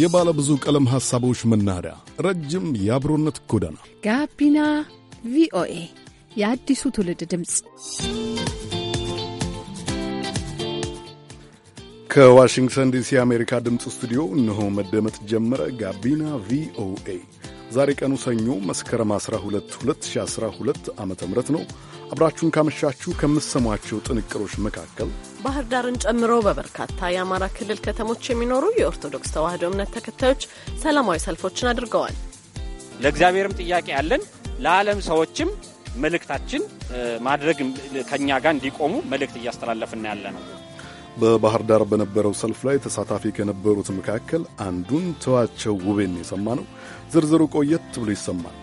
የባለ ብዙ ቀለም ሐሳቦች መናኸሪያ፣ ረጅም የአብሮነት ጎዳና ጋቢና ቪኦኤ የአዲሱ ትውልድ ድምፅ ከዋሽንግተን ዲሲ የአሜሪካ ድምፅ ስቱዲዮ እነሆ መደመጥ ጀመረ። ጋቢና ቪኦኤ ዛሬ ቀኑ ሰኞ መስከረም 12 2012 ዓ ም ነው። አብራችሁን ካመሻችሁ ከምትሰሟቸው ጥንቅሮች መካከል ባህር ዳርን ጨምሮ በበርካታ የአማራ ክልል ከተሞች የሚኖሩ የኦርቶዶክስ ተዋሕዶ እምነት ተከታዮች ሰላማዊ ሰልፎችን አድርገዋል። ለእግዚአብሔርም ጥያቄ ያለን ለዓለም ሰዎችም መልእክታችን ማድረግ ከእኛ ጋር እንዲቆሙ መልእክት እያስተላለፍን ያለ ነው። በባህር ዳር በነበረው ሰልፍ ላይ ተሳታፊ ከነበሩት መካከል አንዱን ተዋቸው ውቤን የሰማ ነው። ዝርዝሩ ቆየት ብሎ ይሰማል።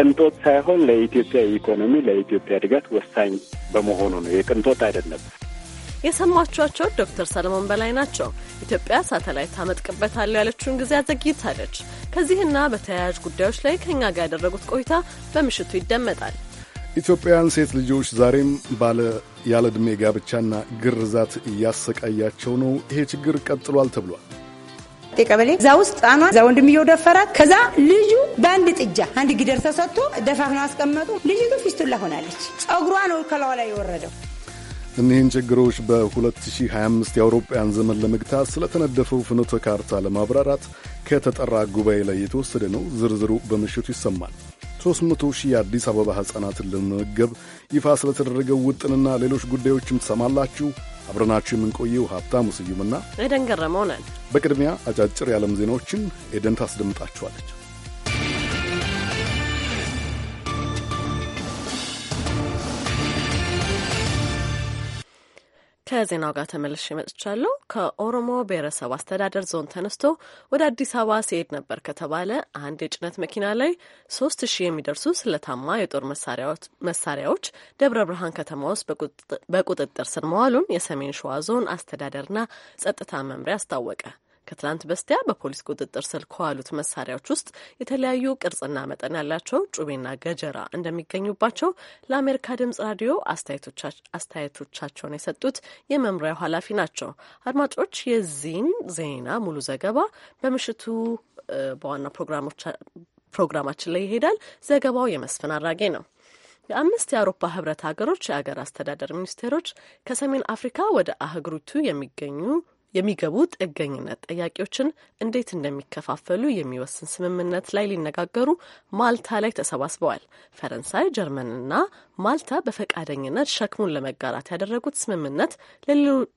ቅንጦት ሳይሆን ለኢትዮጵያ ኢኮኖሚ ለኢትዮጵያ እድገት ወሳኝ በመሆኑ ነው። የቅንጦት አይደለም። የሰማችኋቸው ዶክተር ሰለሞን በላይ ናቸው። ኢትዮጵያ ሳተላይት ታመጥቅበታለሁ ያለችውን ጊዜ አዘግይታለች። ከዚህና በተያያዥ ጉዳዮች ላይ ከእኛ ጋር ያደረጉት ቆይታ በምሽቱ ይደመጣል። ኢትዮጵያውያን ሴት ልጆች ዛሬም ባለ ያለ ዕድሜ ጋብቻና ግርዛት እያሰቃያቸው ነው። ይሄ ችግር ቀጥሏል ተብሏል። ጤ ቀበሌ እዛ ውስጥ ጣኗ እዛ ወንድምየው ደፈራት። ከዛ ልጁ በአንድ ጥጃ አንድ ጊደር ተሰጥቶ ደፋፍ ነው አስቀመጡ። ልጅቱ ፊስቱላ ሆናለች። ጸጉሯ ነው ከላዋ ላይ የወረደው። እኒህን ችግሮች በ2025 የአውሮፓውያን ዘመን ለመግታት ስለተነደፈው ፍኖተ ካርታ ለማብራራት ከተጠራ ጉባኤ ላይ የተወሰደ ነው። ዝርዝሩ በምሽቱ ይሰማል። 300 ሺህ የአዲስ አበባ ሕፃናትን ለመመገብ ይፋ ስለተደረገው ውጥንና ሌሎች ጉዳዮችም ትሰማላችሁ። አብረናችሁ የምንቆየው ሀብታሙ ስዩምና ኤደን ገረመው ነን። በቅድሚያ አጫጭር የዓለም ዜናዎችን ኤደን ታስደምጣችኋለች። ከዜናው ጋር ተመልሼ መጥቻለሁ። ከኦሮሞ ብሔረሰብ አስተዳደር ዞን ተነስቶ ወደ አዲስ አበባ ሲሄድ ነበር ከተባለ አንድ የጭነት መኪና ላይ ሶስት ሺህ የሚደርሱ ስለታማ የጦር መሳሪያዎች ደብረ ብርሃን ከተማ ውስጥ በቁጥጥር ስር መዋሉን የሰሜን ሸዋ ዞን አስተዳደርና ጸጥታ መምሪያ አስታወቀ። ከትናንት በስቲያ በፖሊስ ቁጥጥር ስር ከዋሉት መሳሪያዎች ውስጥ የተለያዩ ቅርጽና መጠን ያላቸው ጩቤና ገጀራ እንደሚገኙባቸው ለአሜሪካ ድምጽ ራዲዮ አስተያየቶቻቸውን የሰጡት የመምሪያው ኃላፊ ናቸው። አድማጮች የዚህን ዜና ሙሉ ዘገባ በምሽቱ በዋና ፕሮግራማችን ላይ ይሄዳል። ዘገባው የመስፍን አራጌ ነው። የአምስት የአውሮፓ ህብረት ሀገሮች የአገር አስተዳደር ሚኒስቴሮች ከሰሜን አፍሪካ ወደ አህጉሪቱ የሚገኙ የሚገቡ ጥገኝነት ጠያቂዎችን እንዴት እንደሚከፋፈሉ የሚወስን ስምምነት ላይ ሊነጋገሩ ማልታ ላይ ተሰባስበዋል። ፈረንሳይ፣ ጀርመንና ማልታ በፈቃደኝነት ሸክሙን ለመጋራት ያደረጉት ስምምነት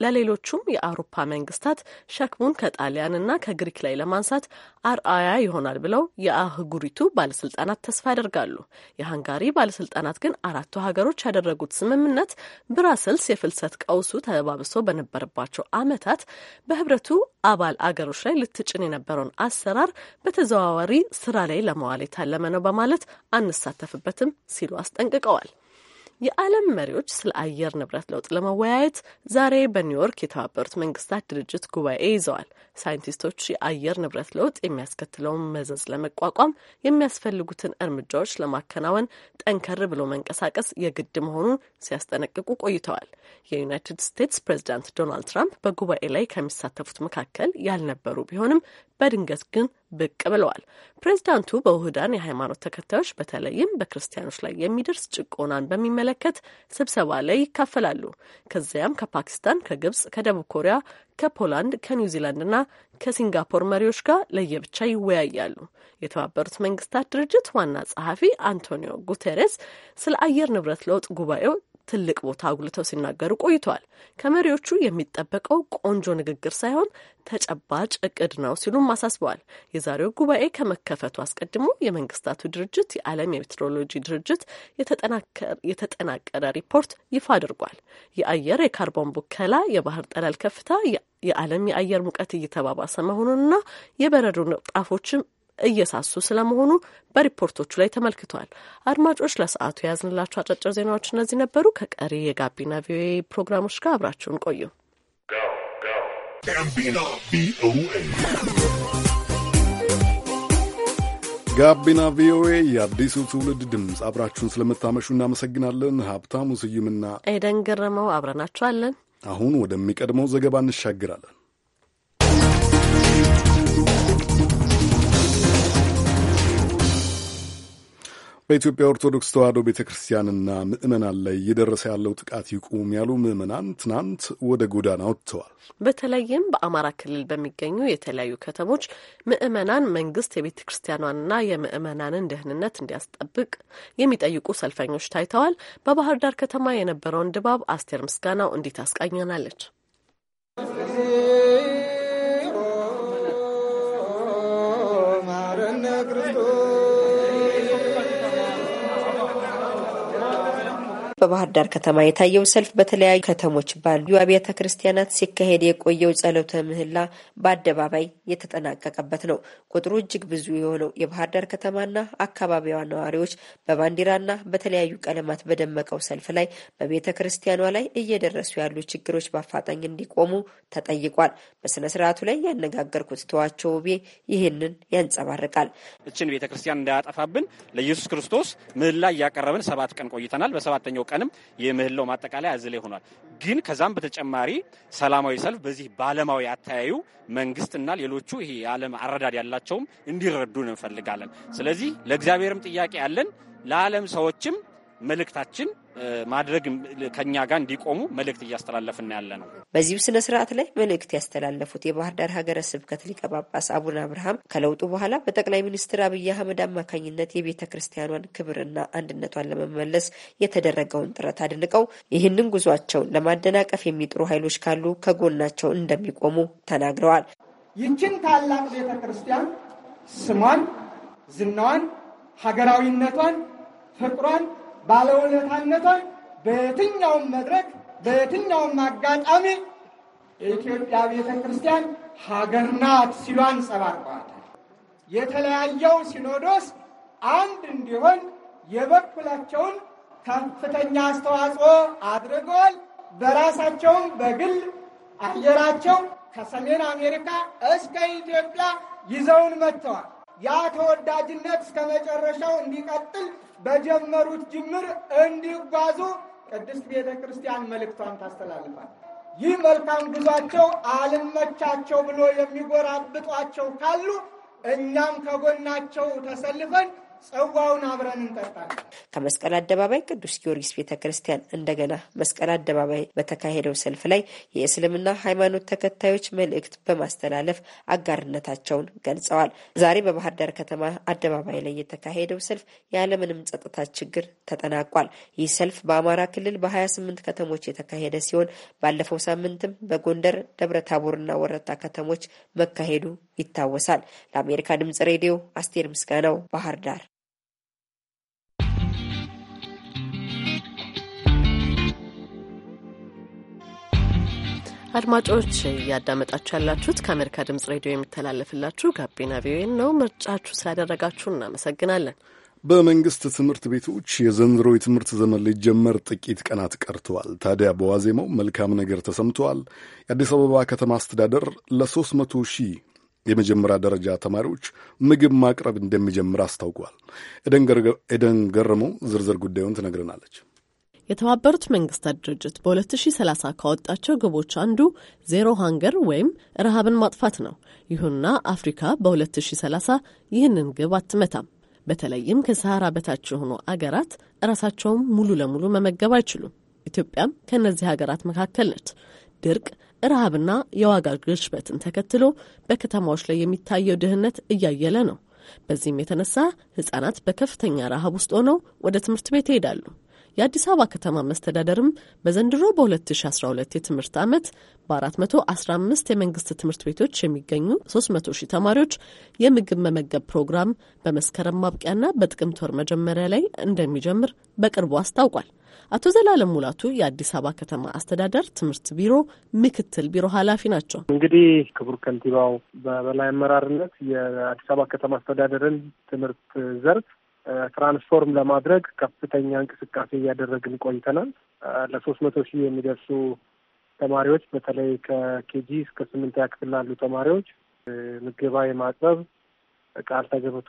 ለሌሎቹም የአውሮፓ መንግስታት ሸክሙን ከጣሊያንና ከግሪክ ላይ ለማንሳት አርአያ ይሆናል ብለው የአህጉሪቱ ባለስልጣናት ተስፋ ያደርጋሉ። የሃንጋሪ ባለስልጣናት ግን አራቱ ሀገሮች ያደረጉት ስምምነት ብራስልስ የፍልሰት ቀውሱ ተባብሶ በነበረባቸው ዓመታት በህብረቱ አባል አገሮች ላይ ልትጭን የነበረውን አሰራር በተዘዋዋሪ ስራ ላይ ለመዋል የታለመ ነው በማለት አንሳተፍበትም ሲሉ አስጠንቅቀዋል። የዓለም መሪዎች ስለ አየር ንብረት ለውጥ ለመወያየት ዛሬ በኒውዮርክ የተባበሩት መንግስታት ድርጅት ጉባኤ ይዘዋል። ሳይንቲስቶች የአየር ንብረት ለውጥ የሚያስከትለውን መዘዝ ለመቋቋም የሚያስፈልጉትን እርምጃዎች ለማከናወን ጠንከር ብሎ መንቀሳቀስ የግድ መሆኑን ሲያስጠነቅቁ ቆይተዋል። የዩናይትድ ስቴትስ ፕሬዚዳንት ዶናልድ ትራምፕ በጉባኤ ላይ ከሚሳተፉት መካከል ያልነበሩ ቢሆንም በድንገት ግን ብቅ ብለዋል። ፕሬዚዳንቱ በውህዳን የሃይማኖት ተከታዮች በተለይም በክርስቲያኖች ላይ የሚደርስ ጭቆናን በሚመለከት ስብሰባ ላይ ይካፈላሉ። ከዚያም ከፓኪስታን፣ ከግብጽ፣ ከደቡብ ኮሪያ፣ ከፖላንድ፣ ከኒውዚላንድና ከሲንጋፖር መሪዎች ጋር ለየብቻ ይወያያሉ። የተባበሩት መንግስታት ድርጅት ዋና ጸሐፊ አንቶኒዮ ጉተሬስ ስለ አየር ንብረት ለውጥ ጉባኤው ትልቅ ቦታ አጉልተው ሲናገሩ ቆይተዋል። ከመሪዎቹ የሚጠበቀው ቆንጆ ንግግር ሳይሆን ተጨባጭ እቅድ ነው ሲሉም አሳስበዋል። የዛሬው ጉባኤ ከመከፈቱ አስቀድሞ የመንግስታቱ ድርጅት የዓለም የሜትሮሎጂ ድርጅት የተጠናቀረ ሪፖርት ይፋ አድርጓል። የአየር የካርቦን ቡከላ፣ የባህር ጠለል ከፍታ፣ የዓለም የአየር ሙቀት እየተባባሰ መሆኑንና የበረዶ ነጣፎችም እየሳሱ ስለመሆኑ በሪፖርቶቹ ላይ ተመልክቷል። አድማጮች፣ ለሰዓቱ የያዝንላቸው አጫጭር ዜናዎች እነዚህ ነበሩ። ከቀሪ የጋቢና ቪኦኤ ፕሮግራሞች ጋር አብራችሁን ቆዩ። ጋቢና ቪኦኤ የአዲሱ ትውልድ ድምፅ። አብራችሁን ስለምታመሹ እናመሰግናለን። ሀብታሙ ስዩምና ኤደን ገረመው አብረናችኋለን። አሁን ወደሚቀድመው ዘገባ እንሻግራለን። በኢትዮጵያ ኦርቶዶክስ ተዋሕዶ ቤተ ክርስቲያንና ምዕመናን ላይ እየደረሰ ያለው ጥቃት ይቁም ያሉ ምዕመናን ትናንት ወደ ጎዳና ወጥተዋል። በተለይም በአማራ ክልል በሚገኙ የተለያዩ ከተሞች ምዕመናን መንግስት የቤተ ክርስቲያኗንና የምዕመናንን ደህንነት እንዲያስጠብቅ የሚጠይቁ ሰልፈኞች ታይተዋል። በባህር ዳር ከተማ የነበረውን ድባብ አስቴር ምስጋናው እንዴት ታስቃኘናለች። ማረነ ክርስቶስ በባህር ዳር ከተማ የታየው ሰልፍ በተለያዩ ከተሞች ባሉ አብያተ ክርስቲያናት ሲካሄድ የቆየው ጸሎተ ምህላ በአደባባይ የተጠናቀቀበት ነው። ቁጥሩ እጅግ ብዙ የሆነው የባህር ዳር ከተማና አካባቢዋ ነዋሪዎች በባንዲራና በተለያዩ ቀለማት በደመቀው ሰልፍ ላይ በቤተ ክርስቲያኗ ላይ እየደረሱ ያሉ ችግሮች በአፋጣኝ እንዲቆሙ ተጠይቋል። በስነ ስርዓቱ ላይ ያነጋገርኩት ተዋቸው ውቤ ይህንን ያንጸባርቃል። እችን ቤተ ክርስቲያን እንዳያጠፋብን ለኢየሱስ ክርስቶስ ምህላ እያቀረብን ሰባት ቀን ቆይተናል። በሰባተኛው ቀንም የምህላው ማጠቃለያ እዚህ ላይ ሆኗል። ግን ከዛም በተጨማሪ ሰላማዊ ሰልፍ በዚህ በዓለማዊ አተያዩ መንግስትና ሌሎቹ ይሄ የዓለም አረዳድ ያላቸውም እንዲረዱን እንፈልጋለን። ስለዚህ ለእግዚአብሔርም ጥያቄ ያለን ለዓለም ሰዎችም መልእክታችን ማድረግ ከኛ ጋር እንዲቆሙ መልእክት እያስተላለፍን ያለ ነው። በዚሁ ስነ ስርዓት ላይ መልእክት ያስተላለፉት የባህር ዳር ሀገረ ስብከት ሊቀ ጳጳስ አቡነ አብርሃም ከለውጡ በኋላ በጠቅላይ ሚኒስትር አብይ አህመድ አማካኝነት የቤተ ክርስቲያኗን ክብርና አንድነቷን ለመመለስ የተደረገውን ጥረት አድንቀው ይህንን ጉዟቸውን ለማደናቀፍ የሚጥሩ ኃይሎች ካሉ ከጎናቸው እንደሚቆሙ ተናግረዋል። ይችን ታላቅ ቤተ ክርስቲያን ስሟን፣ ዝናዋን፣ ሀገራዊነቷን፣ ፍቅሯን ባለውለታነቷን በየትኛውም መድረክ በየትኛውም አጋጣሚ የኢትዮጵያ ቤተ ክርስቲያን ሀገር ናት ሲሉ አንጸባርቀዋታል። የተለያየው ሲኖዶስ አንድ እንዲሆን የበኩላቸውን ከፍተኛ አስተዋጽኦ አድርገዋል። በራሳቸውም በግል አየራቸው ከሰሜን አሜሪካ እስከ ኢትዮጵያ ይዘውን መጥተዋል። ያ ተወዳጅነት እስከ መጨረሻው እንዲቀጥል በጀመሩት ጅምር እንዲጓዙ ቅድስት ቤተ ክርስቲያን መልእክቷን ታስተላልፋል። ይህ መልካም ጉዟቸው አልመቻቸው ብሎ የሚጎራብጧቸው ካሉ እኛም ከጎናቸው ተሰልፈን ጽዋውን አብረን እንጠጣል። ከመስቀል አደባባይ ቅዱስ ጊዮርጊስ ቤተ ክርስቲያን እንደገና መስቀል አደባባይ በተካሄደው ሰልፍ ላይ የእስልምና ሃይማኖት ተከታዮች መልእክት በማስተላለፍ አጋርነታቸውን ገልጸዋል። ዛሬ በባህር ዳር ከተማ አደባባይ ላይ የተካሄደው ሰልፍ ያለምንም ጸጥታ ችግር ተጠናቋል። ይህ ሰልፍ በአማራ ክልል በ28 ከተሞች የተካሄደ ሲሆን ባለፈው ሳምንትም በጎንደር ደብረ ታቦርና ወረታ ከተሞች መካሄዱ ይታወሳል። ለአሜሪካ ድምጽ ሬዲዮ አስቴር ምስጋናው ባህር ዳር። አድማጮች እያዳመጣችሁ ያላችሁት ከአሜሪካ ድምጽ ሬዲዮ የሚተላለፍላችሁ ጋቢና ቪኦኤ ነው። ምርጫችሁ ስላደረጋችሁ እናመሰግናለን። በመንግስት ትምህርት ቤቶች የዘንድሮ የትምህርት ዘመን ሊጀመር ጥቂት ቀናት ቀርተዋል። ታዲያ በዋዜማው መልካም ነገር ተሰምተዋል። የአዲስ አበባ ከተማ አስተዳደር ለሶስት መቶ ሺህ የመጀመሪያ ደረጃ ተማሪዎች ምግብ ማቅረብ እንደሚጀምር አስታውቋል። ኤደን ገረመው ዝርዝር ጉዳዩን ትነግረናለች። የተባበሩት መንግስታት ድርጅት በ2030 ካወጣቸው ግቦች አንዱ ዜሮ ሃንገር ወይም ረሃብን ማጥፋት ነው። ይሁንና አፍሪካ በ2030 ይህንን ግብ አትመታም። በተለይም ከሰሃራ በታች የሆኑ አገራት ራሳቸውን ሙሉ ለሙሉ መመገብ አይችሉም። ኢትዮጵያም ከእነዚህ ሀገራት መካከል ነች። ድርቅ ረሃብና የዋጋ ግሽበትን ተከትሎ በከተማዎች ላይ የሚታየው ድህነት እያየለ ነው። በዚህም የተነሳ ህጻናት በከፍተኛ ረሃብ ውስጥ ሆነው ወደ ትምህርት ቤት ይሄዳሉ። የአዲስ አበባ ከተማ መስተዳደርም በዘንድሮ በ2012 የትምህርት ዓመት በ415 የመንግስት ትምህርት ቤቶች የሚገኙ 300 ሺህ ተማሪዎች የምግብ መመገብ ፕሮግራም በመስከረም ማብቂያና በጥቅምት ወር መጀመሪያ ላይ እንደሚጀምር በቅርቡ አስታውቋል። አቶ ዘላለም ሙላቱ የአዲስ አበባ ከተማ አስተዳደር ትምህርት ቢሮ ምክትል ቢሮ ኃላፊ ናቸው። እንግዲህ ክቡር ከንቲባው በበላይ አመራርነት የአዲስ አበባ ከተማ አስተዳደርን ትምህርት ዘርፍ ትራንስፎርም ለማድረግ ከፍተኛ እንቅስቃሴ እያደረግን ቆይተናል። ለሶስት መቶ ሺህ የሚደርሱ ተማሪዎች በተለይ ከኬጂ እስከ ስምንተኛ ክፍል ላሉ ተማሪዎች ምግባ የማቅረብ ቃል ተገብቶ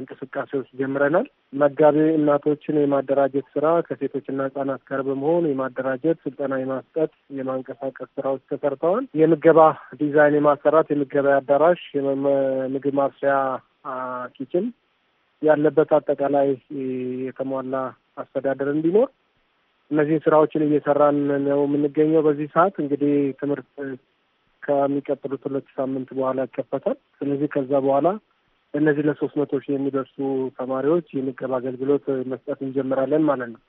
እንቅስቃሴዎች ጀምረናል። መጋቢ እናቶችን የማደራጀት ስራ ከሴቶችና ህጻናት ጋር በመሆን የማደራጀት ስልጠና የማስጠት የማንቀሳቀስ ስራዎች ተሰርተዋል። የምገባ ዲዛይን የማሰራት የምገባ አዳራሽ፣ ምግብ ማብሰያ ኪችን ያለበት አጠቃላይ የተሟላ አስተዳደር እንዲኖር እነዚህን ስራዎችን እየሰራን ነው የምንገኘው። በዚህ ሰዓት እንግዲህ ትምህርት ከሚቀጥሉት ሁለት ሳምንት በኋላ ይከፈታል። ስለዚህ ከዛ በኋላ እነዚህ ለሶስት መቶ ሺህ የሚደርሱ ተማሪዎች የምገባ አገልግሎት መስጠት እንጀምራለን ማለት ነው።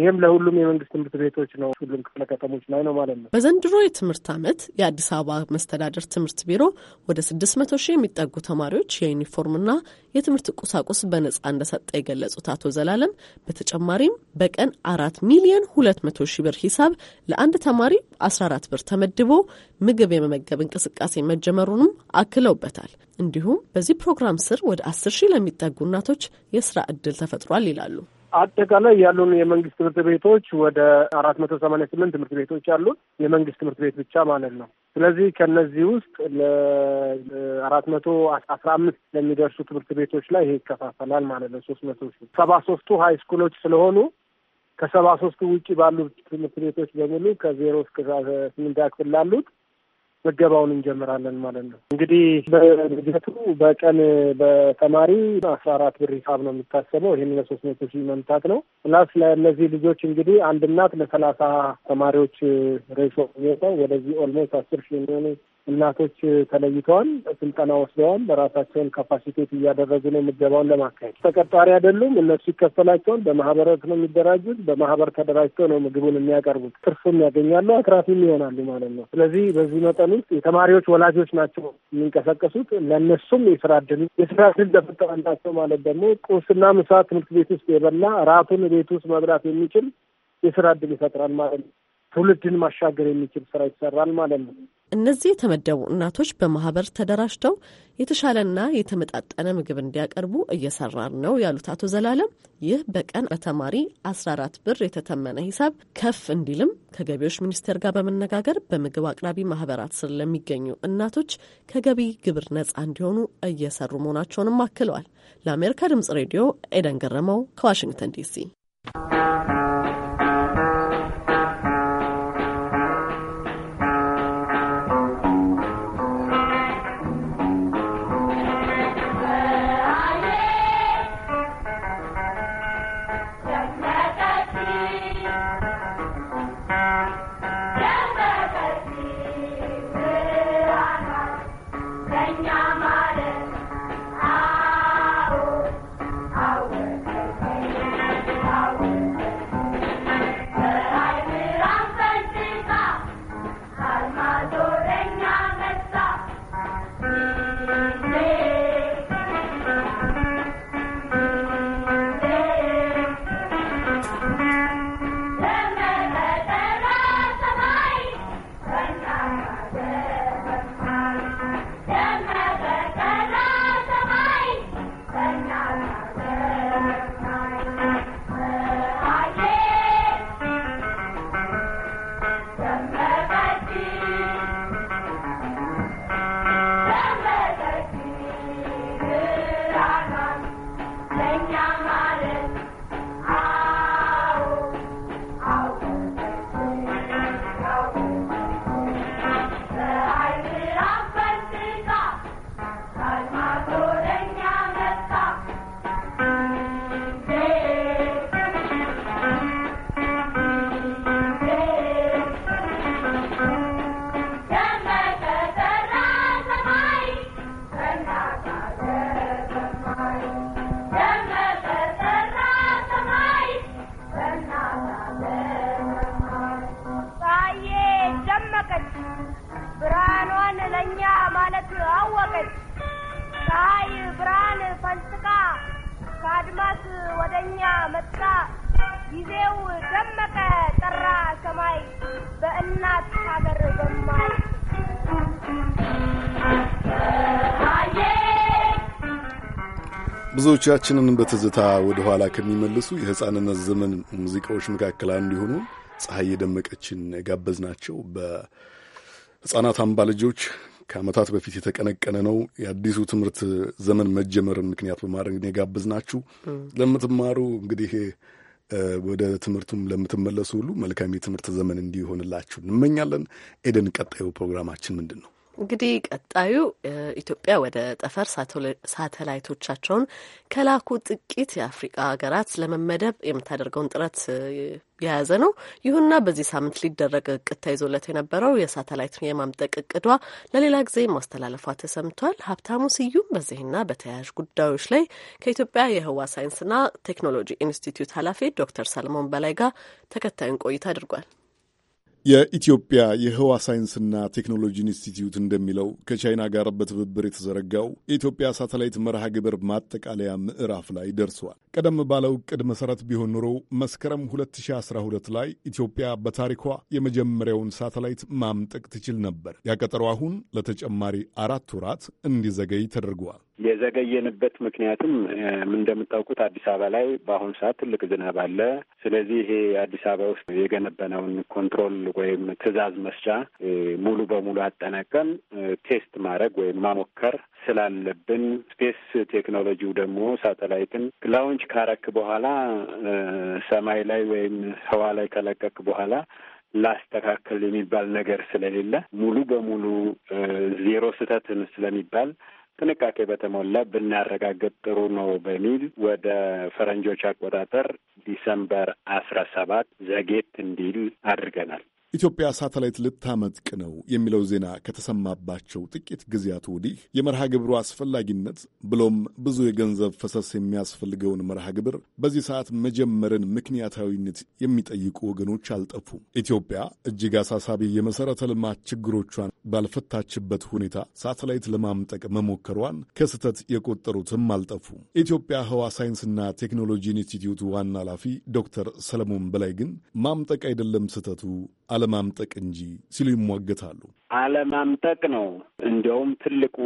ይህም ለሁሉም የመንግስት ትምህርት ቤቶች ነው፣ ሁሉም ክፍለ ከተሞች ላይ ነው ማለት ነው። በዘንድሮ የትምህርት ዓመት የአዲስ አበባ መስተዳደር ትምህርት ቢሮ ወደ ስድስት መቶ ሺህ የሚጠጉ ተማሪዎች የዩኒፎርምና የትምህርት ቁሳቁስ በነጻ እንደሰጠ የገለጹት አቶ ዘላለም በተጨማሪም በቀን አራት ሚሊዮን ሁለት መቶ ሺህ ብር ሂሳብ ለአንድ ተማሪ አስራ አራት ብር ተመድቦ ምግብ የመመገብ እንቅስቃሴ መጀመሩንም አክለውበታል። እንዲሁም በዚህ ፕሮግራም ስር ወደ አስር ሺህ ለሚጠጉ እናቶች የስራ እድል ተፈጥሯል ይላሉ። አጠቃላይ ያሉን የመንግስት ትምህርት ቤቶች ወደ አራት መቶ ሰማንያ ስምንት ትምህርት ቤቶች አሉን የመንግስት ትምህርት ቤት ብቻ ማለት ነው። ስለዚህ ከነዚህ ውስጥ ለአራት መቶ አስራ አምስት ለሚደርሱ ትምህርት ቤቶች ላይ ይሄ ይከፋፈላል ማለት ነው። ሶስት መቶ ሺ ሰባ ሶስቱ ሀይ ስኩሎች ስለሆኑ ከሰባ ሶስቱ ውጭ ባሉ ትምህርት ቤቶች በሙሉ ከዜሮ እስከ ስምንት ክፍል ላሉት ምገባውን እንጀምራለን ማለት ነው። እንግዲህ በበጀቱ በቀን በተማሪ አስራ አራት ብር ሂሳብ ነው የሚታሰበው። ይህን ለሶስት መቶ ሺህ መምታት ነው። ፕላስ ለእነዚህ ልጆች እንግዲህ አንድ እናት ለሰላሳ ተማሪዎች ሬሾ የሚወጣው ወደዚህ ኦልሞስት አስር ሺህ የሚሆኑ እናቶች ተለይተዋል፣ ስልጠና ወስደዋል። ራሳቸውን ካፓሲቴት እያደረጉ ነው ምደባውን ለማካሄድ። ተቀጣሪ አይደሉም እነሱ ይከፈላቸዋል። በማህበረት ነው የሚደራጁት። በማህበር ተደራጅተው ነው ምግቡን የሚያቀርቡት። ትርፉም ያገኛሉ፣ አትራፊም ይሆናሉ ማለት ነው። ስለዚህ በዚህ መጠን ውስጥ የተማሪዎች ወላጆች ናቸው የሚንቀሳቀሱት። ለእነሱም የስራ እድል የስራ እድል ተፈጠረላቸው ማለት ደግሞ ቁርስና ምሳ ትምህርት ቤት ውስጥ የበላ ራቱን ቤት ውስጥ መብላት የሚችል የስራ እድል ይፈጥራል ማለት ነው። ትውልድን ማሻገር የሚችል ስራ ይሰራል ማለት ነው። እነዚህ የተመደቡ እናቶች በማህበር ተደራጅተው የተሻለና የተመጣጠነ ምግብ እንዲያቀርቡ እየሰራን ነው ያሉት አቶ ዘላለም ይህ በቀን በተማሪ 14 ብር የተተመነ ሂሳብ ከፍ እንዲልም ከገቢዎች ሚኒስቴር ጋር በመነጋገር በምግብ አቅራቢ ማህበራት ስር ለሚገኙ እናቶች ከገቢ ግብር ነጻ እንዲሆኑ እየሰሩ መሆናቸውንም አክለዋል። ለአሜሪካ ድምጽ ሬዲዮ ኤደን ገረመው ከዋሽንግተን ዲሲ ብዙዎቻችንን በትዝታ ወደ ኋላ ከሚመልሱ የሕፃንነት ዘመን ሙዚቃዎች መካከል አንዱ የሆኑ ፀሐይ የደመቀችን ጋበዝናቸው በሕፃናት አምባ ልጆች ከዓመታት በፊት የተቀነቀነ ነው። የአዲሱ ትምህርት ዘመን መጀመርን ምክንያት በማድረግ ናችሁ ለምትማሩ እንግዲህ ወደ ትምህርቱም ለምትመለሱ ሁሉ መልካም የትምህርት ዘመን እንዲሆንላችሁ እንመኛለን። ኤደን፣ ቀጣዩ ፕሮግራማችን ምንድን ነው? እንግዲህ ቀጣዩ ኢትዮጵያ ወደ ጠፈር ሳተላይቶቻቸውን ከላኩ ጥቂት የአፍሪቃ ሀገራት ለመመደብ የምታደርገውን ጥረት የያዘ ነው። ይሁንና በዚህ ሳምንት ሊደረግ እቅድ ተይዞለት የነበረው የሳተላይት የማምጠቅ እቅዷ ለሌላ ጊዜ ማስተላለፏ ተሰምቷል። ሀብታሙ ስዩም በዚህና በተያያዥ ጉዳዮች ላይ ከኢትዮጵያ የህዋ ሳይንስና ቴክኖሎጂ ኢንስቲትዩት ኃላፊ ዶክተር ሰለሞን በላይ ጋር ተከታዩን ቆይታ አድርጓል። የኢትዮጵያ የህዋ ሳይንስና ቴክኖሎጂ ኢንስቲትዩት እንደሚለው ከቻይና ጋር በትብብር የተዘረጋው የኢትዮጵያ ሳተላይት መርሃ ግብር ማጠቃለያ ምዕራፍ ላይ ደርሷል። ቀደም ባለው እቅድ መሠረት ቢሆን ኖሮ መስከረም 2012 ላይ ኢትዮጵያ በታሪኳ የመጀመሪያውን ሳተላይት ማምጠቅ ትችል ነበር። ያቀጠሩ አሁን ለተጨማሪ አራት ወራት እንዲዘገይ ተደርገዋል። የዘገየንበት ምክንያትም እንደምታውቁት አዲስ አበባ ላይ በአሁኑ ሰዓት ትልቅ ዝናብ አለ። ስለዚህ ይሄ አዲስ አበባ ውስጥ የገነበነውን ኮንትሮል ወይም ትዕዛዝ መስጫ ሙሉ በሙሉ አጠናቀም ቴስት ማድረግ ወይም ማሞከር ስላለብን ስፔስ ቴክኖሎጂው ደግሞ ሳተላይትን ላውንች ካረክ በኋላ ሰማይ ላይ ወይም ህዋ ላይ ከለቀክ በኋላ ላስተካከል የሚባል ነገር ስለሌለ ሙሉ በሙሉ ዜሮ ስህተትን ስለሚባል ጥንቃቄ በተሞላ ብናረጋግጥ ጥሩ ነው በሚል ወደ ፈረንጆች አቆጣጠር ዲሰምበር አስራ ሰባት ዘጌት እንዲል አድርገናል። ኢትዮጵያ ሳተላይት ልታመጥቅ ነው የሚለው ዜና ከተሰማባቸው ጥቂት ጊዜያት ወዲህ የመርሃ ግብሩ አስፈላጊነት ብሎም ብዙ የገንዘብ ፈሰስ የሚያስፈልገውን መርሃ ግብር በዚህ ሰዓት መጀመርን ምክንያታዊነት የሚጠይቁ ወገኖች አልጠፉም። ኢትዮጵያ እጅግ አሳሳቢ የመሠረተ ልማት ችግሮቿን ባልፈታችበት ሁኔታ ሳተላይት ለማምጠቅ መሞከሯን ከስህተት የቆጠሩትም አልጠፉም። ኢትዮጵያ ህዋ ሳይንስና ቴክኖሎጂ ኢንስቲትዩት ዋና ኃላፊ ዶክተር ሰለሞን በላይ ግን ማምጠቅ አይደለም ስህተቱ አለ አለማምጠቅ እንጂ ሲሉ ይሟገታሉ። አለማምጠቅ ነው እንዲያውም ትልቁ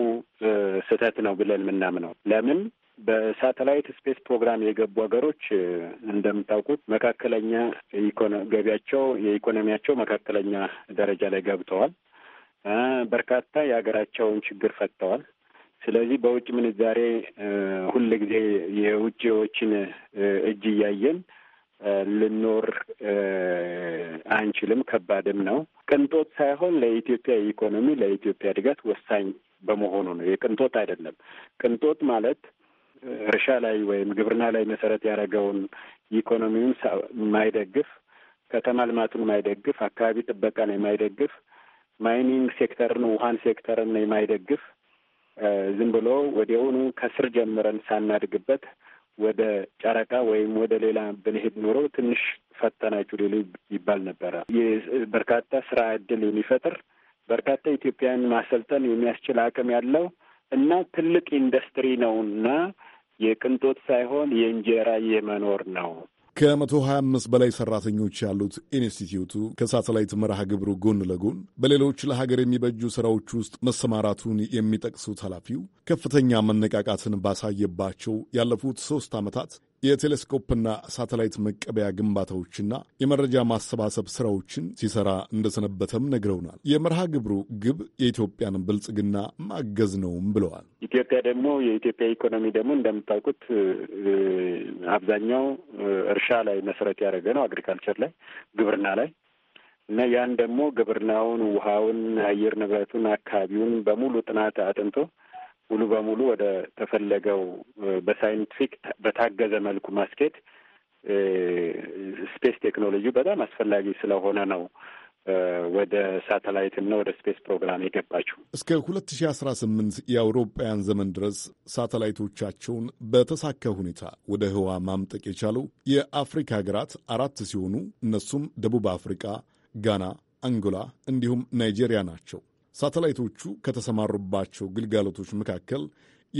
ስህተት ነው ብለን የምናምነው ለምን በሳተላይት ስፔስ ፕሮግራም የገቡ ሀገሮች እንደምታውቁት መካከለኛ ገቢያቸው የኢኮኖሚያቸው መካከለኛ ደረጃ ላይ ገብተዋል። በርካታ የሀገራቸውን ችግር ፈጥተዋል። ስለዚህ በውጭ ምንዛሬ ሁልጊዜ የውጭዎችን እጅ እያየን ልኖር አንችልም። ከባድም ነው። ቅንጦት ሳይሆን ለኢትዮጵያ ኢኮኖሚ፣ ለኢትዮጵያ እድገት ወሳኝ በመሆኑ ነው። የቅንጦት አይደለም። ቅንጦት ማለት እርሻ ላይ ወይም ግብርና ላይ መሰረት ያደረገውን ኢኮኖሚውን የማይደግፍ ከተማ ልማቱን የማይደግፍ አካባቢ ጥበቃን የማይደግፍ ማይኒንግ ሴክተርን ውሃን ሴክተርን የማይደግፍ ዝም ብሎ ወዲያውኑ ከስር ጀምረን ሳናድግበት ወደ ጨረቃ ወይም ወደ ሌላ ብንሄድ ኖሮ ትንሽ ፈተናችሁ ሌሎ ይባል ነበረ። በርካታ ስራ እድል የሚፈጥር በርካታ ኢትዮጵያን ማሰልጠን የሚያስችል አቅም ያለው እና ትልቅ ኢንዱስትሪ ነው እና የቅንጦት ሳይሆን የእንጀራ የመኖር ነው ከ125 በላይ ሰራተኞች ያሉት ኢንስቲትዩቱ ከሳተላይት መርሃ ግብሩ ጎን ለጎን በሌሎች ለሀገር የሚበጁ ሥራዎች ውስጥ መሰማራቱን የሚጠቅሱት ኃላፊው ከፍተኛ መነቃቃትን ባሳየባቸው ያለፉት ሦስት ዓመታት የቴሌስኮፕና ሳተላይት መቀበያ ግንባታዎችና የመረጃ ማሰባሰብ ስራዎችን ሲሰራ እንደሰነበተም ነግረውናል። የመርሃ ግብሩ ግብ የኢትዮጵያን ብልጽግና ማገዝ ነውም ብለዋል። ኢትዮጵያ ደግሞ የኢትዮጵያ ኢኮኖሚ ደግሞ እንደምታውቁት አብዛኛው እርሻ ላይ መሰረት ያደረገ ነው፣ አግሪካልቸር ላይ ግብርና ላይ እና ያን ደግሞ ግብርናውን፣ ውሃውን፣ አየር ንብረቱን፣ አካባቢውን በሙሉ ጥናት አጥንቶ ሙሉ በሙሉ ወደ ተፈለገው በሳይንቲፊክ በታገዘ መልኩ ማስኬድ ስፔስ ቴክኖሎጂ በጣም አስፈላጊ ስለሆነ ነው ወደ እና ወደ ስፔስ ፕሮግራም የገባችው። እስከ ሁለት አስራ ስምንት የአውሮፓውያን ዘመን ድረስ ሳተላይቶቻቸውን በተሳካ ሁኔታ ወደ ህዋ ማምጠቅ የቻሉ የአፍሪካ ሀገራት አራት ሲሆኑ እነሱም ደቡብ አፍሪካ፣ ጋና፣ አንጎላ እንዲሁም ናይጄሪያ ናቸው። ሳተላይቶቹ ከተሰማሩባቸው ግልጋሎቶች መካከል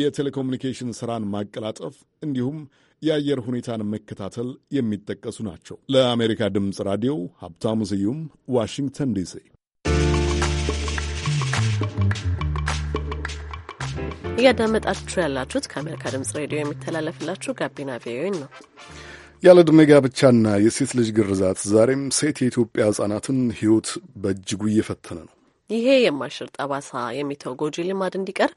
የቴሌኮሙኒኬሽን ሥራን ማቀላጠፍ እንዲሁም የአየር ሁኔታን መከታተል የሚጠቀሱ ናቸው። ለአሜሪካ ድምፅ ራዲዮ ሀብታሙ ስዩም ዋሽንግተን ዲሲ። እያዳመጣችሁ ያላችሁት ከአሜሪካ ድምፅ ሬዲዮ የሚተላለፍላችሁ ጋቢና ቪኦኤ ነው። ያለ ዕድሜ ጋብቻና የሴት ልጅ ግርዛት ዛሬም ሴት የኢትዮጵያ ህጻናትን ሕይወት በእጅጉ እየፈተነ ነው። ይሄ የማሽር ጠባሳ የሚተው ጎጂ ልማድ እንዲቀር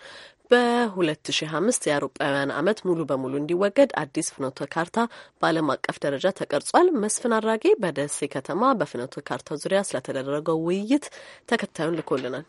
በ2005 የአውሮፓውያን ዓመት ሙሉ በሙሉ እንዲወገድ አዲስ ፍኖተ ካርታ በዓለም አቀፍ ደረጃ ተቀርጿል። መስፍን አድራጌ በደሴ ከተማ በፍኖተ ካርታው ዙሪያ ስለተደረገው ውይይት ተከታዩን ልኮልናል።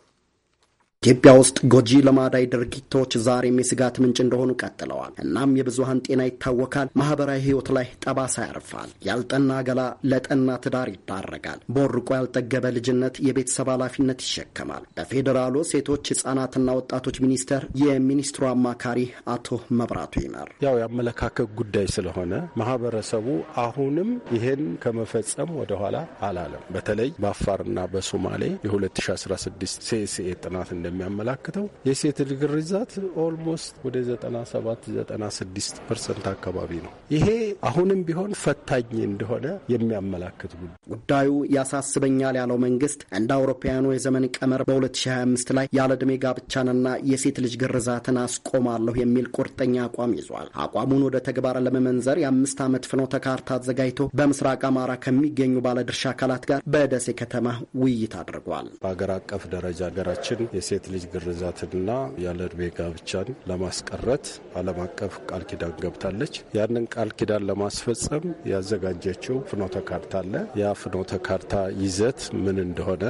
ኢትዮጵያ ውስጥ ጎጂ ልማዳዊ ድርጊቶች ዛሬም የስጋት ምንጭ እንደሆኑ ቀጥለዋል። እናም የብዙሀን ጤና ይታወካል፣ ማህበራዊ ህይወት ላይ ጠባሳ ያርፋል። ያልጠና ገላ ለጠና ትዳር ይዳረጋል። በወርቆ ያልጠገበ ልጅነት የቤተሰብ ኃላፊነት ይሸከማል። በፌዴራሉ ሴቶች ህጻናትና ወጣቶች ሚኒስቴር የሚኒስትሩ አማካሪ አቶ መብራቱ ይመር ያው የአመለካከት ጉዳይ ስለሆነ ማህበረሰቡ አሁንም ይሄን ከመፈጸም ወደኋላ አላለም። በተለይ በአፋርና በሶማሌ የ2016 ሴሴ ጥናት እንደ እንደሚያመላክተው የሴት ልጅ ግርዛት ኦልሞስት ወደ 97 96 ፐርሰንት አካባቢ ነው። ይሄ አሁንም ቢሆን ፈታኝ እንደሆነ የሚያመላክት ጉዳዩ ያሳስበኛል ያለው መንግስት እንደ አውሮፓውያኑ የዘመን ቀመር በ2025 ላይ ያለ ዕድሜ ጋብቻንና የሴት ልጅ ግርዛትን አስቆማለሁ የሚል ቁርጠኛ አቋም ይዟል። አቋሙን ወደ ተግባር ለመመንዘር የአምስት ዓመት ፍኖተ ካርታ አዘጋጅቶ በምስራቅ አማራ ከሚገኙ ባለድርሻ አካላት ጋር በደሴ ከተማ ውይይት አድርጓል። በአገር አቀፍ ደረጃ ሀገራችን የሴት የሴት ልጅ ግርዛትንና ያለ እድሜ ጋብቻን ለማስቀረት ዓለም አቀፍ ቃል ኪዳን ገብታለች። ያንን ቃል ኪዳን ለማስፈጸም ያዘጋጀችው ፍኖተ ካርታ አለ። ያ ፍኖተ ካርታ ይዘት ምን እንደሆነ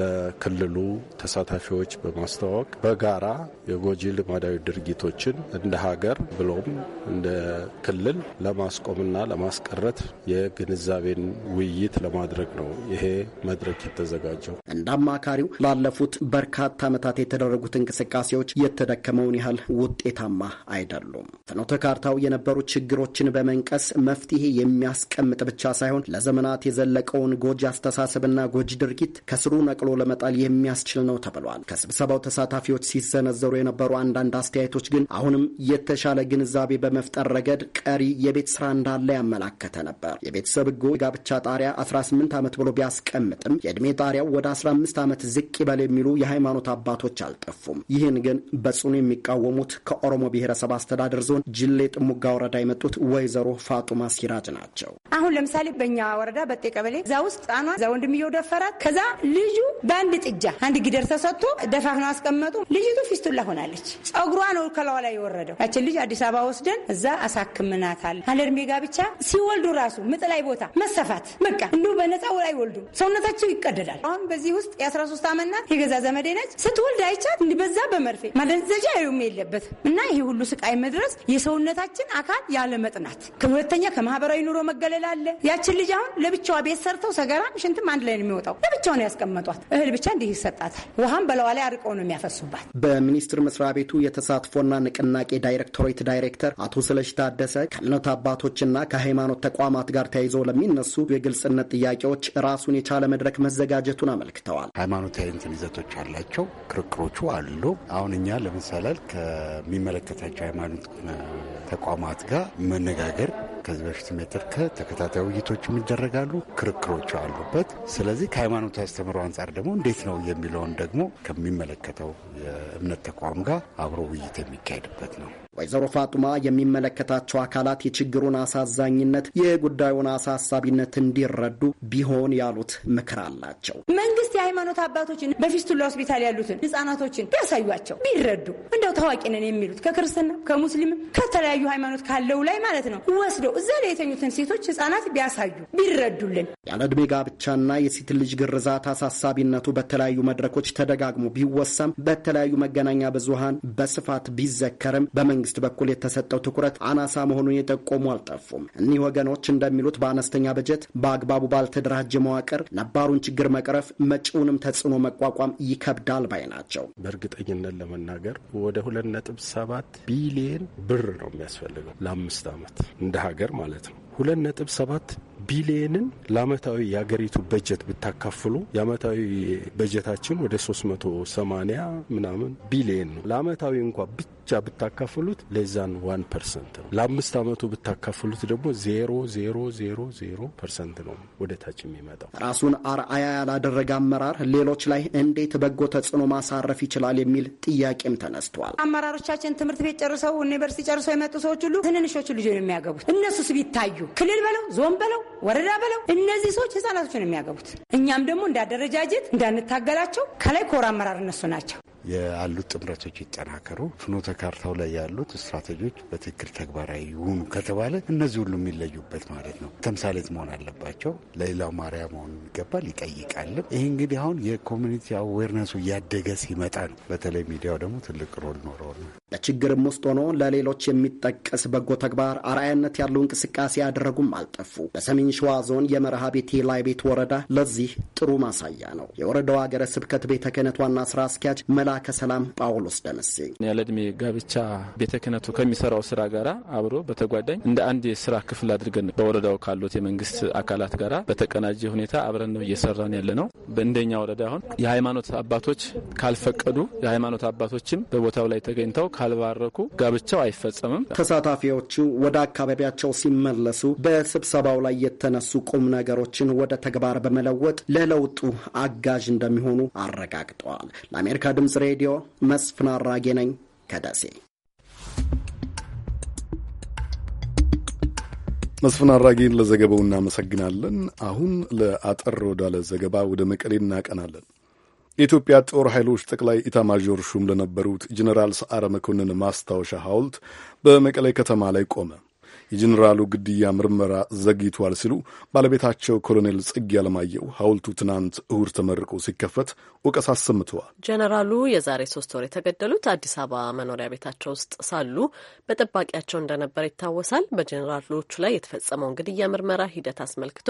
ለክልሉ ተሳታፊዎች በማስተዋወቅ በጋራ የጎጂ ልማዳዊ ድርጊቶችን እንደ ሀገር ብሎም እንደ ክልል ለማስቆምና ለማስቀረት የግንዛቤን ውይይት ለማድረግ ነው ይሄ መድረክ የተዘጋጀው። እንደ አማካሪው ላለፉት በርካታ ዓመታት ለማምጣት የተደረጉት እንቅስቃሴዎች የተደከመውን ያህል ውጤታማ አይደሉም። ፍኖተ ካርታው የነበሩ ችግሮችን በመንቀስ መፍትሄ የሚያስቀምጥ ብቻ ሳይሆን ለዘመናት የዘለቀውን ጎጂ አስተሳሰብና ጎጂ ድርጊት ከስሩ ነቅሎ ለመጣል የሚያስችል ነው ተብሏል። ከስብሰባው ተሳታፊዎች ሲሰነዘሩ የነበሩ አንዳንድ አስተያየቶች ግን አሁንም የተሻለ ግንዛቤ በመፍጠር ረገድ ቀሪ የቤት ስራ እንዳለ ያመላከተ ነበር። የቤተሰብ ህጎ ጋብቻ ጣሪያ 18 ዓመት ብሎ ቢያስቀምጥም የዕድሜ ጣሪያው ወደ 15 ዓመት ዝቅ ይበል የሚሉ የሃይማኖት አባ ጥቃቶች አልጠፉም። ይህን ግን በጽኑ የሚቃወሙት ከኦሮሞ ብሔረሰብ አስተዳደር ዞን ጅሌ ጥሙጋ ወረዳ የመጡት ወይዘሮ ፋጡማ ሲራጅ ናቸው። አሁን ለምሳሌ በእኛ ወረዳ በጤ ቀበሌ እዛ ውስጥ ጣኗ እዛ ወንድምየው ደፈራት። ከዛ ልጁ በአንድ ጥጃ አንድ ጊደር ተሰጥቶ ነው አስቀመጡ። ልጅቱ ፊስቱላ ሆናለች። ጸጉሯ ነው ከላዋ ላይ የወረደው። ያችን ልጅ አዲስ አበባ ወስደን እዛ አሳክምናታል። አለ እድሜ ጋብቻ ሲወልዱ ራሱ ምጥ ላይ ቦታ መሰፋት በቃ እንዲሁ በነፃ ላይ ወልዱ ሰውነታቸው ይቀደዳል። አሁን በዚህ ውስጥ የ13 ዓመት ናት። የገዛ ዘመዴ ነች ስትወ ስወልድ አይቻት እንዲበዛ በመርፌ ማደንዘጃ ይሁም የለበት እና ይሄ ሁሉ ስቃይ መድረስ የሰውነታችን አካል ያለመጥናት፣ ሁለተኛ ከማህበራዊ ኑሮ መገለል አለ። ያችን ልጅ አሁን ለብቻዋ ቤት ሰርተው ሰገራም ሽንትም አንድ ላይ ነው የሚወጣው። ለብቻው ነው ያስቀመጧት። እህል ብቻ እንዲህ ይሰጣታል። ውሃም በለዋ ላይ አርቀው ነው የሚያፈሱባት። በሚኒስቴር መስሪያ ቤቱ የተሳትፎና ንቅናቄ ዳይሬክቶሬት ዳይሬክተር አቶ ስለሽ ታደሰ ከእምነት አባቶችና ከሃይማኖት ተቋማት ጋር ተያይዞ ለሚነሱ የግልጽነት ጥያቄዎች ራሱን የቻለ መድረክ መዘጋጀቱን አመልክተዋል። ሃይማኖታዊ እንትን ይዘቶች አላቸው ክርክሮቹ አሉ። አሁን እኛ ለምሳሌ ከሚመለከታቸው ሃይማኖት ተቋማት ጋር መነጋገር ከዚህ በፊት ሜትር ከተከታታይ ውይይቶች ይደረጋሉ፣ ክርክሮች አሉበት። ስለዚህ ከሃይማኖት አስተምሮ አንጻር ደግሞ እንዴት ነው የሚለውን ደግሞ ከሚመለከተው የእምነት ተቋም ጋር አብሮ ውይይት የሚካሄድበት ነው። ወይዘሮ ፋጡማ የሚመለከታቸው አካላት የችግሩን አሳዛኝነት፣ የጉዳዩን አሳሳቢነት እንዲረዱ ቢሆን ያሉት ምክር አላቸው። መንግስት የሃይማኖት አባቶችን በፊስቱላ ሆስፒታል ያሉትን ህጻናቶችን ቢያሳዩቸው ቢረዱ፣ እንደው ታዋቂ ነን የሚሉት ከክርስትና ከሙስሊምም ከተለያዩ ሃይማኖት ካለው ላይ ማለት ነው ወስደው እዛ ላይ የተኙትን ሴቶች ህጻናት ቢያሳዩ ቢረዱልን። ያለ ዕድሜ ጋብቻና የሴት ልጅ ግርዛት አሳሳቢነቱ በተለያዩ መድረኮች ተደጋግሞ ቢወሳም በተለያዩ መገናኛ ብዙሃን በስፋት ቢዘከርም በመንግስት በመንግስት በኩል የተሰጠው ትኩረት አናሳ መሆኑን የጠቆሙ አልጠፉም። እኒህ ወገኖች እንደሚሉት በአነስተኛ በጀት በአግባቡ ባልተደራጀ መዋቅር ነባሩን ችግር መቅረፍ፣ መጪውንም ተጽዕኖ መቋቋም ይከብዳል ባይ ናቸው። በእርግጠኝነት ለመናገር ወደ ሁለት ነጥብ ሰባት ቢሊየን ብር ነው የሚያስፈልገው ለአምስት ዓመት እንደ ሀገር ማለት ነው። ሁለት ነጥብ ሰባት ቢሊየንን ለአመታዊ የሀገሪቱ በጀት ብታካፍሉ የአመታዊ በጀታችን ወደ 380 ምናምን ቢሊየን ነው። ለአመታዊ እንኳ ብቻ ብታካፍሉት ለዛን ዋን ፐርሰንት ነው። ለአምስት አመቱ ብታካፍሉት ደግሞ ዜሮ ዜሮ ዜሮ ዜሮ ፐርሰንት ነው ወደ ታች የሚመጣው። ራሱን አርአያ ያላደረገ አመራር ሌሎች ላይ እንዴት በጎ ተጽዕኖ ማሳረፍ ይችላል የሚል ጥያቄም ተነስቷል። አመራሮቻችን ትምህርት ቤት ጨርሰው ዩኒቨርሲቲ ጨርሰው የመጡ ሰዎች ሁሉ ትንንሾች ልጆ ነው የሚያገቡት። እነሱስ ቢታዩ ክልል በለው ዞን በለው ወረዳ በለው እነዚህ ሰዎች ህጻናቶችን የሚያገቡት እኛም ደግሞ እንዳደረጃጀት እንዳንታገላቸው ከላይ ኮር አመራር እነሱ ናቸው። ያሉት ጥምረቶች ይጠናከሩ፣ ፍኖተ ካርታው ላይ ያሉት ስትራቴጂዎች በትክክል ተግባራዊ ይሁኑ ከተባለ እነዚህ ሁሉ የሚለዩበት ማለት ነው። ተምሳሌት መሆን አለባቸው። ለሌላው ማርያ መሆን ይገባል፣ ይጠይቃልም። ይህ እንግዲህ አሁን የኮሚኒቲ አዌርነሱ እያደገ ሲመጣ ነው። በተለይ ሚዲያው ደግሞ ትልቅ ሮል ኖረው ነው። በችግርም ውስጥ ሆኖ ለሌሎች የሚጠቀስ በጎ ተግባር አርአያነት ያለው እንቅስቃሴ ያደረጉም አልጠፉ። በሰሜን ሸዋ ዞን የመርሃ ቤቴ ላይ ቤት ወረዳ ለዚህ ጥሩ ማሳያ ነው። የወረዳው ሀገረ ስብከት ቤተ ክህነት ዋና ስራ አስኪያጅ መላ ከሰላም ጳውሎስ ደመሴ ያለ እድሜ ጋብቻ ቤተ ክህነቱ ከሚሰራው ስራ ጋራ አብሮ በተጓዳኝ እንደ አንድ የስራ ክፍል አድርገን በወረዳው ካሉት የመንግስት አካላት ጋራ በተቀናጀ ሁኔታ አብረን ነው እየሰራን ያለ ነው። በእንደኛ ወረዳ አሁን የሃይማኖት አባቶች ካልፈቀዱ የሃይማኖት አባቶችም በቦታው ላይ ተገኝተው ካልባረኩ ጋብቻው አይፈጸምም። ተሳታፊዎቹ ወደ አካባቢያቸው ሲመለሱ በስብሰባው ላይ የተነሱ ቁም ነገሮችን ወደ ተግባር በመለወጥ ለለውጡ አጋዥ እንደሚሆኑ አረጋግጠዋል። ለአሜሪካ ድምጽ ሬዲዮ መስፍን አራጌ ነኝ ከደሴ። መስፍን አራጌን ለዘገባው እናመሰግናለን። አሁን ለአጠር ወዳለ ዘገባ ወደ መቀሌ እናቀናለን። የኢትዮጵያ ጦር ኃይሎች ጠቅላይ ኢታማዦር ሹም ለነበሩት ጀኔራል ሰዓረ መኮንን ማስታወሻ ሐውልት በመቀሌ ከተማ ላይ ቆመ። የጀኔራሉ ግድያ ምርመራ ዘግይቷል ሲሉ ባለቤታቸው ኮሎኔል ጽጌ አለማየሁ ሐውልቱ ትናንት እሁድ ተመርቆ ሲከፈት እውቀት አሰምተዋል። ጀኔራሉ የዛሬ ሶስት ወር የተገደሉት አዲስ አበባ መኖሪያ ቤታቸው ውስጥ ሳሉ በጠባቂያቸው እንደነበረ ይታወሳል። በጀኔራሎቹ ላይ የተፈጸመውን ግድያ ምርመራ ሂደት አስመልክቶ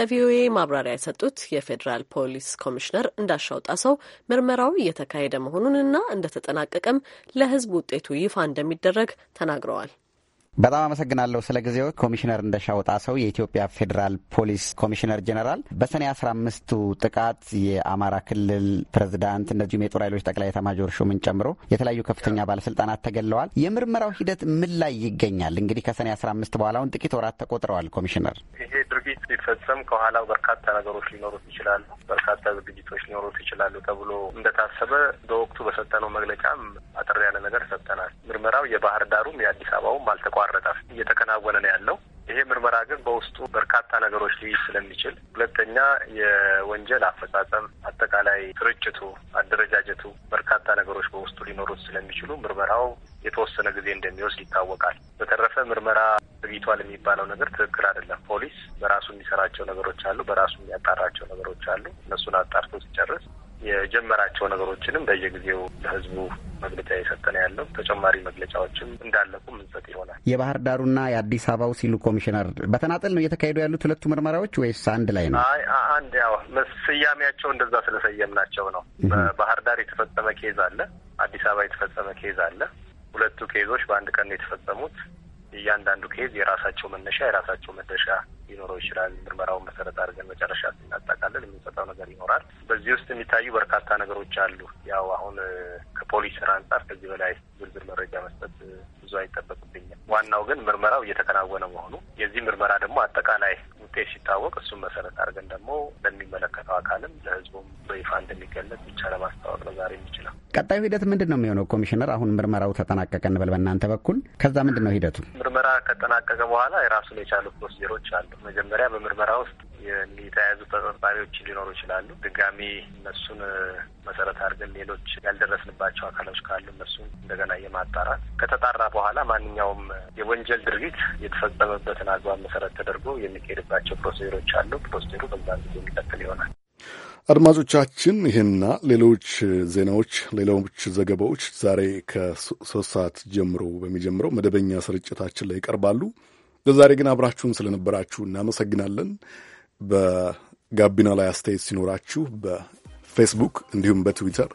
ለቪኦኤ ማብራሪያ የሰጡት የፌዴራል ፖሊስ ኮሚሽነር እንዳሻውጣ ሰው ምርመራው እየተካሄደ መሆኑንና እንደተጠናቀቀም ለሕዝብ ውጤቱ ይፋ እንደሚደረግ ተናግረዋል። በጣም አመሰግናለሁ ስለ ጊዜው ኮሚሽነር እንደሻው ጣሰው የኢትዮጵያ ፌዴራል ፖሊስ ኮሚሽነር ጀኔራል። በሰኔ አስራ አምስቱ ጥቃት የአማራ ክልል ፕሬዝዳንት እንደዚሁም የጦር ኃይሎች ጠቅላይ ኤታማዦር ሹምን ጨምሮ የተለያዩ ከፍተኛ ባለስልጣናት ተገለዋል። የምርመራው ሂደት ምን ላይ ይገኛል? እንግዲህ ከሰኔ አስራ አምስት በኋላውን ጥቂት ወራት ተቆጥረዋል። ኮሚሽነር፣ ይሄ ድርጊት ሲፈጸም ከኋላው በርካታ ነገሮች ሊኖሩት ይችላሉ፣ በርካታ ዝግጅቶች ሊኖሩት ይችላሉ ተብሎ እንደታሰበ በወቅቱ በሰጠነው መግለጫም አጠር ያለ ነገር ሰጠናል። ምርመራው የባህር ዳሩም የአዲስ አበባውም አልተቋ እየተቋረጠ እየተከናወነ ነው ያለው። ይሄ ምርመራ ግን በውስጡ በርካታ ነገሮች ሊይዝ ስለሚችል፣ ሁለተኛ የወንጀል አፈጻጸም አጠቃላይ ስርጭቱ፣ አደረጃጀቱ በርካታ ነገሮች በውስጡ ሊኖሩት ስለሚችሉ ምርመራው የተወሰነ ጊዜ እንደሚወስድ ይታወቃል። በተረፈ ምርመራ ዘግይቷል የሚባለው ነገር ትክክል አይደለም። ፖሊስ በራሱ የሚሰራቸው ነገሮች አሉ፣ በራሱ የሚያጣራቸው ነገሮች አሉ። እነሱን አጣርቶ ሲጨርስ የጀመራቸው ነገሮችንም በየጊዜው ለህዝቡ መግለጫ የሰጠነ ያለው ተጨማሪ መግለጫዎችም እንዳለቁ ምንሰጥ ይሆናል። የባህር ዳሩና የአዲስ አበባው ሲሉ ኮሚሽነር በተናጠል ነው እየተካሄዱ ያሉት ሁለቱ ምርመራዎች ወይስ አንድ ላይ ነው? አይ አንድ ያው ስያሜያቸው እንደዛ ስለሰየምናቸው ነው። በባህር ዳር የተፈጸመ ኬዝ አለ፣ አዲስ አበባ የተፈጸመ ኬዝ አለ። ሁለቱ ኬዞች በአንድ ቀን ነው የተፈጸሙት። እያንዳንዱ ኬዝ የራሳቸው መነሻ የራሳቸው መደሻ ሊኖረው ይችላል። ምርመራውን መሰረት አድርገን መጨረሻ ስናጠቃልል የምንሰጠው ነገር ይኖራል። በዚህ ውስጥ የሚታዩ በርካታ ነገሮች አሉ። ያው አሁን ከፖሊስ ስራ አንጻር ከዚህ በላይ ዝርዝር መረጃ መስጠት ብዙ አይጠበቅብኝም። ዋናው ግን ምርመራው እየተከናወነ መሆኑ የዚህ ምርመራ ደግሞ አጠቃላይ ውጤት ሲታወቅ እሱን መሰረት አድርገን ደግሞ ቀጣዩ ሂደት ምንድን ነው የሚሆነው? ኮሚሽነር፣ አሁን ምርመራው ተጠናቀቀ እንበል በእናንተ በኩል ከዛ ምንድን ነው ሂደቱ? ምርመራ ከተጠናቀቀ በኋላ የራሱን የቻሉ ፕሮሲጀሮች አሉ። መጀመሪያ በምርመራ ውስጥ የተያያዙ ተጠርጣሪዎች ሊኖሩ ይችላሉ። ድጋሚ እነሱን መሰረት አድርገን ሌሎች ያልደረስንባቸው አካሎች ካሉ እነሱን እንደገና የማጣራት ከተጣራ በኋላ ማንኛውም የወንጀል ድርጊት የተፈጸመበትን አግባብ መሰረት ተደርጎ የሚካሄድባቸው ፕሮሲጀሮች አሉ። ፕሮሲጀሩ በዛ ጊዜ የሚቀጥል ይሆናል። አድማጮቻችን ይህና ሌሎች ዜናዎች፣ ሌሎች ዘገባዎች ዛሬ ከሶስት ሰዓት ጀምሮ በሚጀምረው መደበኛ ስርጭታችን ላይ ይቀርባሉ። ለዛሬ ግን አብራችሁን ስለነበራችሁ እናመሰግናለን። በጋቢና ላይ አስተያየት ሲኖራችሁ በፌስቡክ እንዲሁም በትዊተር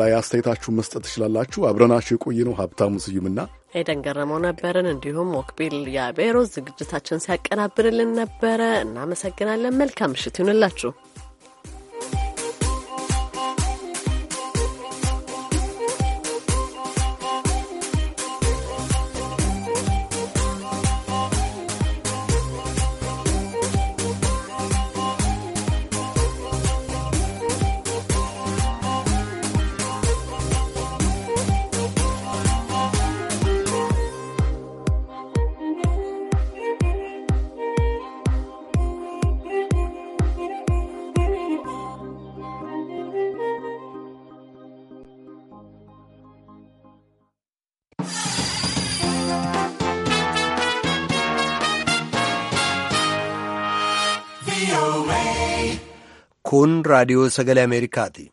ላይ አስተያየታችሁ መስጠት ትችላላችሁ። አብረናችሁ የቆየ ነው ሀብታሙ ስዩምና ኤደን ገረመው ነበርን። እንዲሁም ወክቢል የቤሮ ዝግጅታችን ሲያቀናብርልን ነበረ። እናመሰግናለን። መልካም ምሽት ይሁንላችሁ። kun raadiyoo sagale Ameerikaati.